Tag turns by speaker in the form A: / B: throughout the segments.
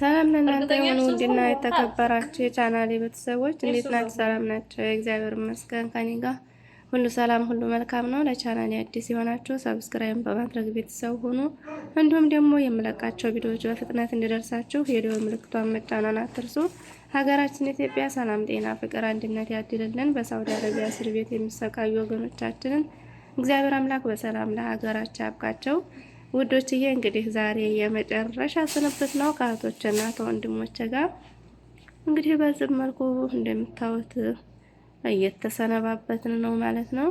A: ሰላም ለእናንተ የሆኑ ውድና የተከበራችሁ የቻናሌ ቤተሰቦች እንዴት ናችሁ? ሰላም ናቸው? እግዚአብሔር ይመስገን ከኔ ጋር ሁሉ ሰላም፣ ሁሉ መልካም ነው። ለቻናሌ አዲስ የሆናችሁ ሰብስክራይብ በማድረግ ቤተሰብ ሆኑ እንዲሁም ደግሞ የምለቃቸው ቪዲዮዎች በፍጥነት እንዲደርሳችሁ የደወል ምልክቷን መጫኗን አትርሱ። ሀገራችን ኢትዮጵያ ሰላም፣ ጤና፣ ፍቅር፣ አንድነት ያድልልን። በሳውዲ አረቢያ እስር ቤት የሚሰቃዩ ወገኖቻችንን እግዚአብሔር አምላክ በሰላም ለሀገራቸው ያብቃቸው። ውዶችዬ እንግዲህ ዛሬ የመጨረሻ ስንብት ነው ከእህቶችና ከወንድሞች ጋር እንግዲህ በዚህ መልኩ እንደምታዩት እየተሰነባበትን ነው ማለት ነው።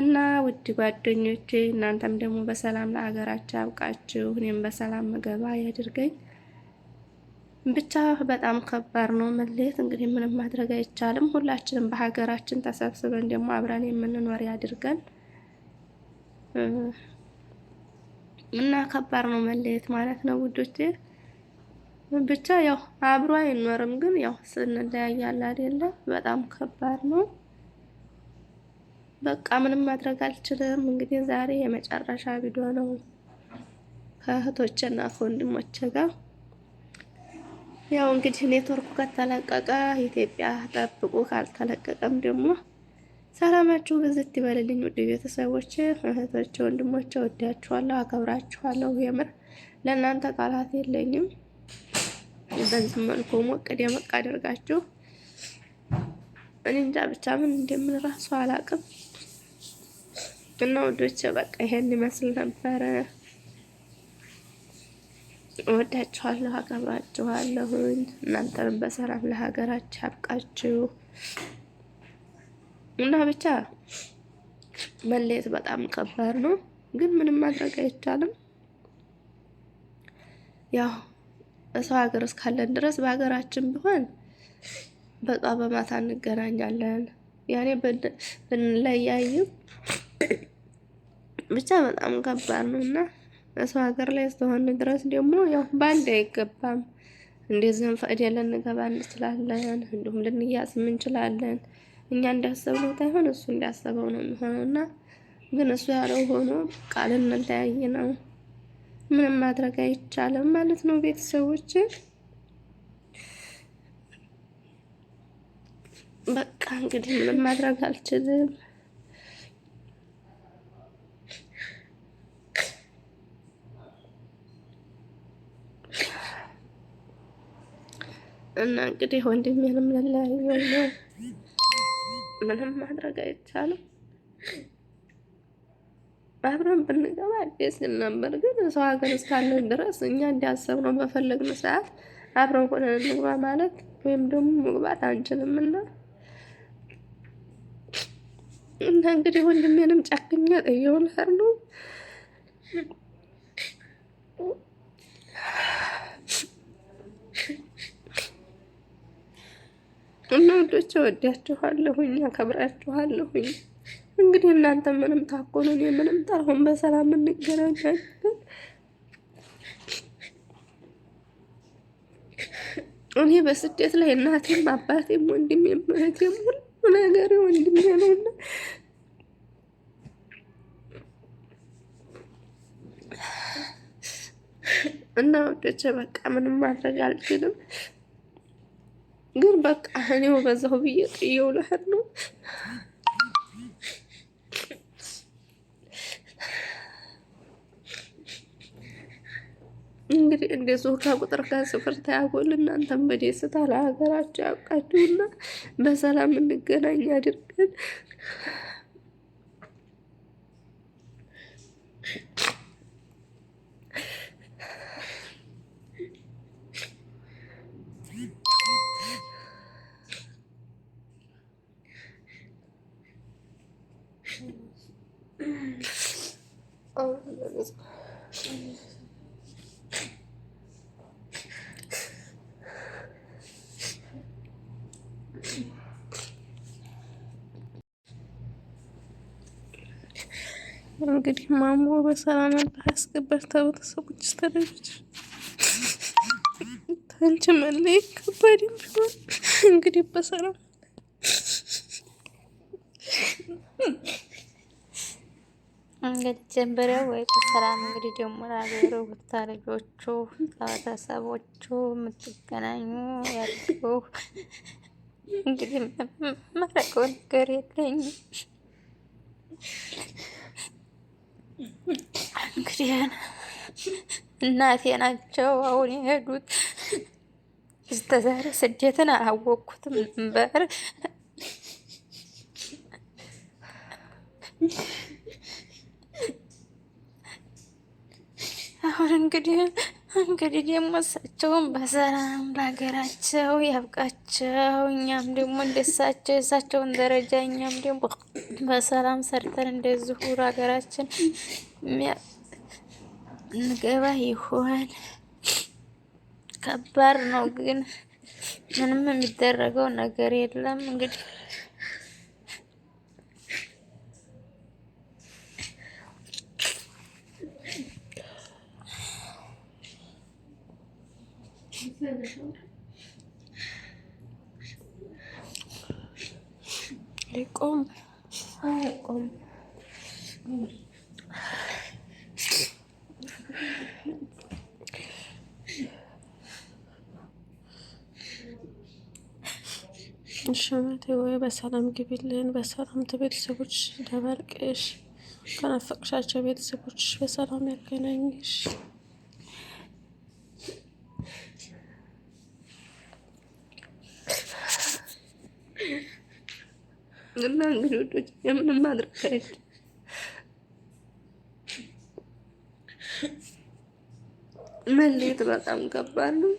A: እና ውድ ጓደኞቼ እናንተም ደግሞ በሰላም ለሀገራችሁ አብቃችሁ እኔም በሰላም ምገባ ያድርገኝ። ብቻ በጣም ከባድ ነው መለየት። እንግዲህ ምንም ማድረግ አይቻልም። ሁላችንም በሀገራችን ተሰብስበን ደግሞ አብረን የምንኖር ያድርገን። እና ከባድ ነው መለየት ማለት ነው ውዶች። ብቻ ያው አብሮ አይኖርም፣ ግን ያው ስንለያያል አይደለ? በጣም ከባድ ነው። በቃ ምንም ማድረግ አልችልም። እንግዲህ ዛሬ የመጨረሻ ቪዲዮ ነው ከእህቶቼና ከወንድሞቼ ጋር ያው እንግዲህ ኔትወርኩ ከተለቀቀ ኢትዮጵያ ጠብቁ፣ ካልተለቀቀም ደግሞ ሰላማችሁ ብዝት ይበልልኝ። ውድ ቤተሰቦች፣ እህቶች፣ ወንድሞች ወዳችኋለሁ፣ አከብራችኋለሁ። የምር ለእናንተ ቃላት የለኝም። በዚህ መልኩ ሞቅ ደመቅ አድርጋችሁ እኔ እንጃ ብቻ ምን እንደምንራሱ አላቅም እና ውዶች በቃ ይሄን ይመስል ነበረ። ወዳችኋለሁ፣ አከብራችኋለሁኝ። እናንተንም በሰላም ለሀገራችሁ ያብቃችሁ። እና ብቻ መለየት በጣም ከባድ ነው፣ ግን ምንም ማድረግ አይቻልም። ያው እሰው ሀገር እስካለን ድረስ በሀገራችን ቢሆን በቃ በማታ እንገናኛለን። ያኔ ብንለያይም ብቻ በጣም ከባድ ነው እና ሰው ሀገር ላይ እስከሆን ድረስ ደግሞ ያው በአንድ አይገባም። እንደዚህም ፈቅድ የለን እንገባ እንችላለን፣ እንዲሁም ልንያዝም እንችላለን። እኛ እንዳሰብነው ሳይሆን እሱ እንዳሰበው ነው የሚሆነው እና ግን እሱ ያለው ሆኖ ቃል እንለያይ ነው። ምንም ማድረግ አይቻልም ማለት ነው። ቤተሰቦች በቃ እንግዲህ ምንም ማድረግ አልችልም። እና እንግዲህ ወንድሜንም ልለያየው ነው። ምንም ማድረግ አይቻልም። አብረን ብንገባ ደስ ነበር፣ ግን ሰው ሀገር እስካለን ድረስ እኛ እንዲያሰብነው በፈለግን ሰዓት አብረን ሆነን እንግባ ማለት ወይም ደግሞ መግባት አንችልም እና እና እንግዲህ ወንድሜንም ጨክኛ ጠየውን ነው እና ወዶች ወዳችኋለሁኝ፣ አከብራችኋለሁኝ። እንግዲህ እናንተ ምንም ታኮኑን የምንም ጠርሁን በሰላም እንገናኛለን። እኔ በስደት ላይ እናቴም አባቴም ወንድሜም እህቴም ሁሉ ነገር ወንድሜ ነውና እና ወዶቼ በቃ ምንም ማድረግ አልችልም። ግን በቃ እኔው በዛው ብዬ ጥዬው ልሄድ ነው። እንግዲህ እንደ ከቁጥር ቁጥር ጋር ስፍር ታያጎል። እናንተም በደስታ ለሀገራችሁ ያብቃችሁና በሰላም እንገናኝ አድርገን እንግዲህ ማሞ በሰላም አላህ ያስገባሽ። ተቤተሰቦች ስተደች ታንቺ መለየት ከባድ ቢሆን እንግዲህ በሰላም እንግዲህ ጀንበሪያው ወይ በሰላም እንግዲህ ደግሞ ለሀገሩ ብታ ልጆቹ ከቤተሰቦቹ የምትገናኙ ያለው እንግዲህ መረቀው ነገር የለኝም። እንግዲህ እናቴ ናቸው አሁን የሄዱት። እስተዛሬ ስደትን አላወቅኩትም ነበር። አሁን እንግዲህ እንግዲህ ደግሞ እሳቸውን በሰላም በሀገራቸው ያብቃቸው። እኛም ደግሞ እንደሳቸው የእሳቸውን ደረጃ እኛም ደግሞ በሰላም ሰርተን እንደዚሁ ሀገራችን እንገባ ይሆን። ከባድ ነው ግን ምንም የሚደረገው ነገር የለም እንግዲህ ቆም ቆም እሸመቴ ወይ በሰላም ግቢልን፣ በሰላም ቤተሰቦች ደበርቅሽ ከነፈቅሻቸው ቤተሰቦች በሰላም ያገናኝሽ። እና እንግዲህ ውዶች የምንም ማድረግ ከሌለ መለየት በጣም ከባድ ነው።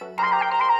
A: Música